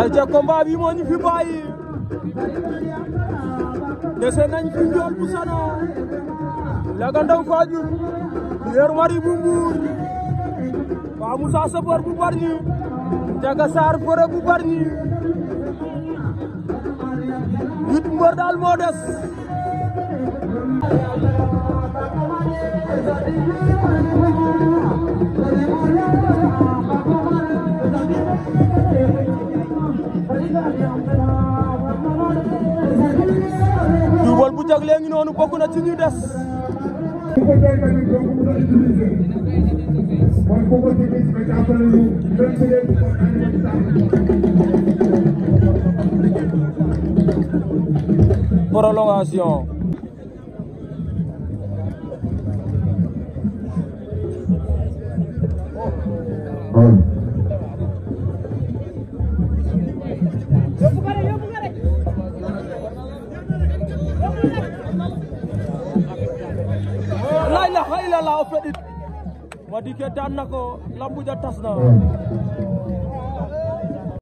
ayca combat bi moo ñu fi dese nañ fi njool bu sana Laga Ndaw Fadiouth Pierre Marie bu Mbour Pa Moussa Sabor bu Bargny Ndiaga Sarr Fore bu Bargny huit mbër daal moo des jaglee na ci ñu prolongation oh. la ilaha illallah o feɗit Mady Keu daan na ko lambu ja